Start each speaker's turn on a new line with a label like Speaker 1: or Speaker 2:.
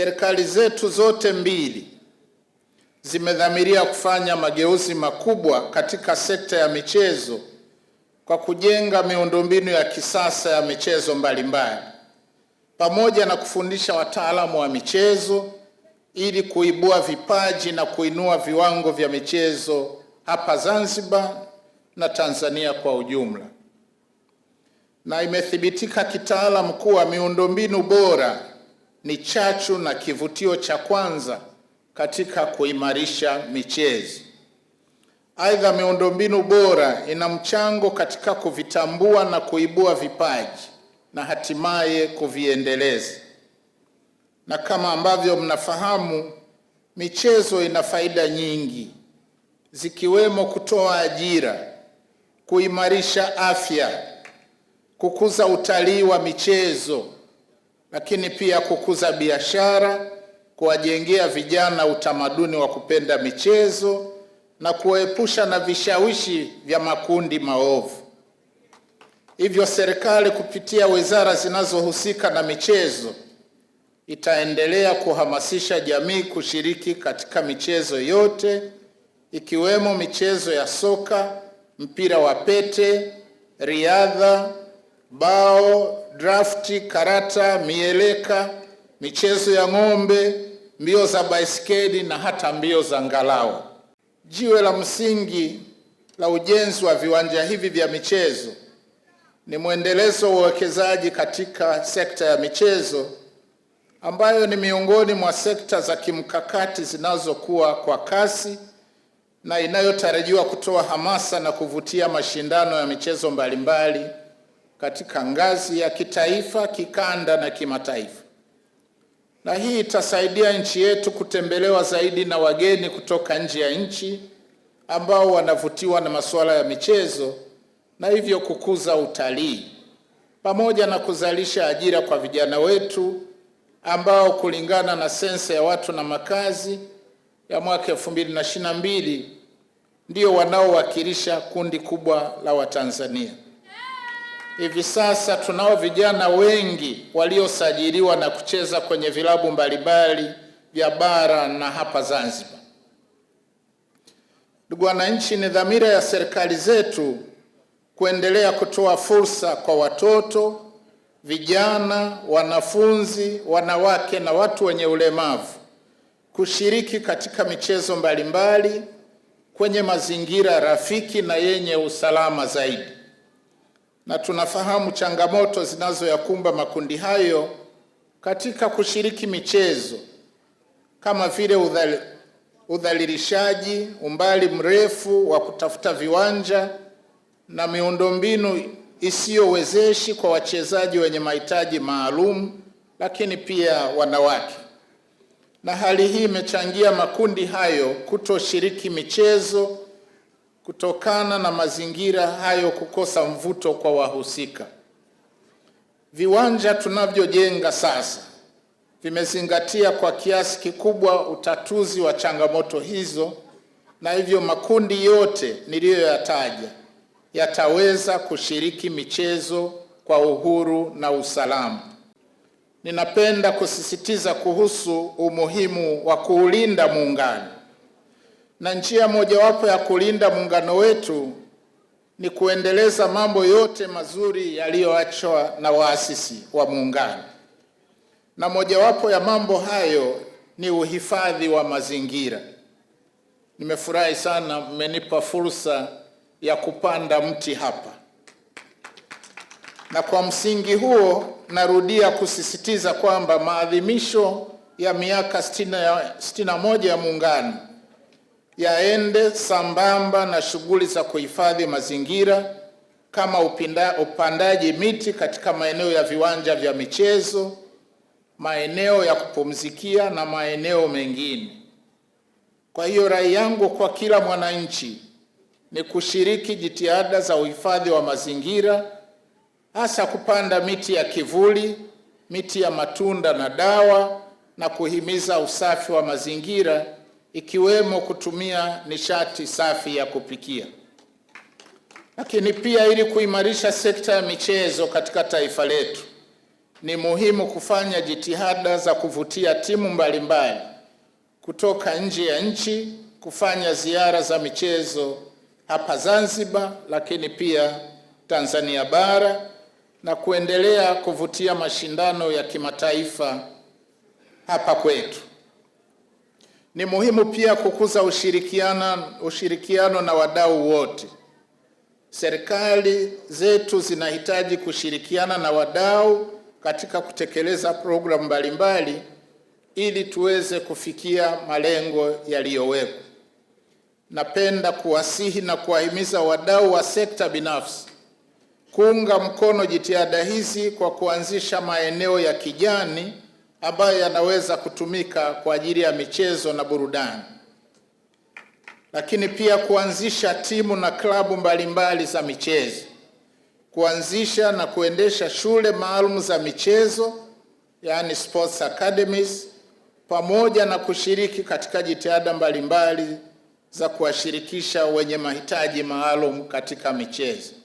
Speaker 1: serikali zetu zote mbili zimedhamiria kufanya mageuzi makubwa katika sekta ya michezo kwa kujenga miundombinu ya kisasa ya michezo mbalimbali pamoja na kufundisha wataalamu wa michezo ili kuibua vipaji na kuinua viwango vya michezo hapa Zanzibar na Tanzania kwa ujumla. Na imethibitika kitaalamu kuwa miundombinu bora ni chachu na kivutio cha kwanza katika kuimarisha michezo. Aidha, miundombinu bora ina mchango katika kuvitambua na kuibua vipaji na hatimaye kuviendeleza. Na kama ambavyo mnafahamu, michezo ina faida nyingi zikiwemo kutoa ajira, kuimarisha afya, kukuza utalii wa michezo lakini pia kukuza biashara, kuwajengea vijana utamaduni wa kupenda michezo na kuwaepusha na vishawishi vya makundi maovu. Hivyo serikali kupitia wizara zinazohusika na michezo itaendelea kuhamasisha jamii kushiriki katika michezo yote ikiwemo michezo ya soka, mpira wa pete, riadha bao, drafti, karata, mieleka, michezo ya ng'ombe, mbio za baiskeli na hata mbio za ngalao. Jiwe la msingi la ujenzi wa viwanja hivi vya michezo ni mwendelezo wa uwekezaji katika sekta ya michezo ambayo ni miongoni mwa sekta za kimkakati zinazokuwa kwa kasi na inayotarajiwa kutoa hamasa na kuvutia mashindano ya michezo mbalimbali katika ngazi ya kitaifa, kikanda na kimataifa, na hii itasaidia nchi yetu kutembelewa zaidi na wageni kutoka nje ya nchi ambao wanavutiwa na masuala ya michezo na hivyo kukuza utalii pamoja na kuzalisha ajira kwa vijana wetu ambao kulingana na sensa ya watu na makazi ya mwaka mbili ndio wanaowakilisha kundi kubwa la Watanzania hivi sasa tunao vijana wengi waliosajiliwa na kucheza kwenye vilabu mbalimbali vya bara na hapa Zanzibar. Ndugu wananchi, ni dhamira ya serikali zetu kuendelea kutoa fursa kwa watoto, vijana, wanafunzi, wanawake na watu wenye ulemavu kushiriki katika michezo mbalimbali kwenye mazingira rafiki na yenye usalama zaidi na tunafahamu changamoto zinazoyakumba makundi hayo katika kushiriki michezo kama vile udhali, udhalilishaji, umbali mrefu wa kutafuta viwanja na miundombinu isiyowezeshi kwa wachezaji wenye mahitaji maalum, lakini pia wanawake. Na hali hii imechangia makundi hayo kutoshiriki michezo kutokana na mazingira hayo kukosa mvuto kwa wahusika. Viwanja tunavyojenga sasa vimezingatia kwa kiasi kikubwa utatuzi wa changamoto hizo, na hivyo makundi yote niliyoyataja yataweza kushiriki michezo kwa uhuru na usalama. Ninapenda kusisitiza kuhusu umuhimu wa kuulinda muungano na njia mojawapo ya kulinda muungano wetu ni kuendeleza mambo yote mazuri yaliyoachwa na waasisi wa muungano, na mojawapo ya mambo hayo ni uhifadhi wa mazingira. Nimefurahi sana mmenipa fursa ya kupanda mti hapa, na kwa msingi huo narudia kusisitiza kwamba maadhimisho ya miaka 61 ya muungano yaende sambamba na shughuli za kuhifadhi mazingira kama upinda, upandaji miti katika maeneo ya viwanja vya michezo, maeneo ya kupumzikia na maeneo mengine. Kwa hiyo rai yangu kwa kila mwananchi ni kushiriki jitihada za uhifadhi wa mazingira, hasa kupanda miti ya kivuli, miti ya matunda na dawa na kuhimiza usafi wa mazingira ikiwemo kutumia nishati safi ya kupikia, lakini pia ili kuimarisha sekta ya michezo katika taifa letu ni muhimu kufanya jitihada za kuvutia timu mbalimbali kutoka nje ya nchi kufanya ziara za michezo hapa Zanzibar, lakini pia Tanzania bara na kuendelea kuvutia mashindano ya kimataifa hapa kwetu. Ni muhimu pia kukuza ushirikiano, ushirikiano na wadau wote. Serikali zetu zinahitaji kushirikiana na wadau katika kutekeleza programu mbalimbali ili tuweze kufikia malengo yaliyowekwa. Napenda kuwasihi na kuwahimiza wadau wa sekta binafsi kuunga mkono jitihada hizi kwa kuanzisha maeneo ya kijani ambayo yanaweza kutumika kwa ajili ya michezo na burudani, lakini pia kuanzisha timu na klabu mbalimbali za michezo, kuanzisha na kuendesha shule maalum za michezo, yani sports academies, pamoja na kushiriki katika jitihada mbalimbali za kuwashirikisha wenye mahitaji maalum katika michezo.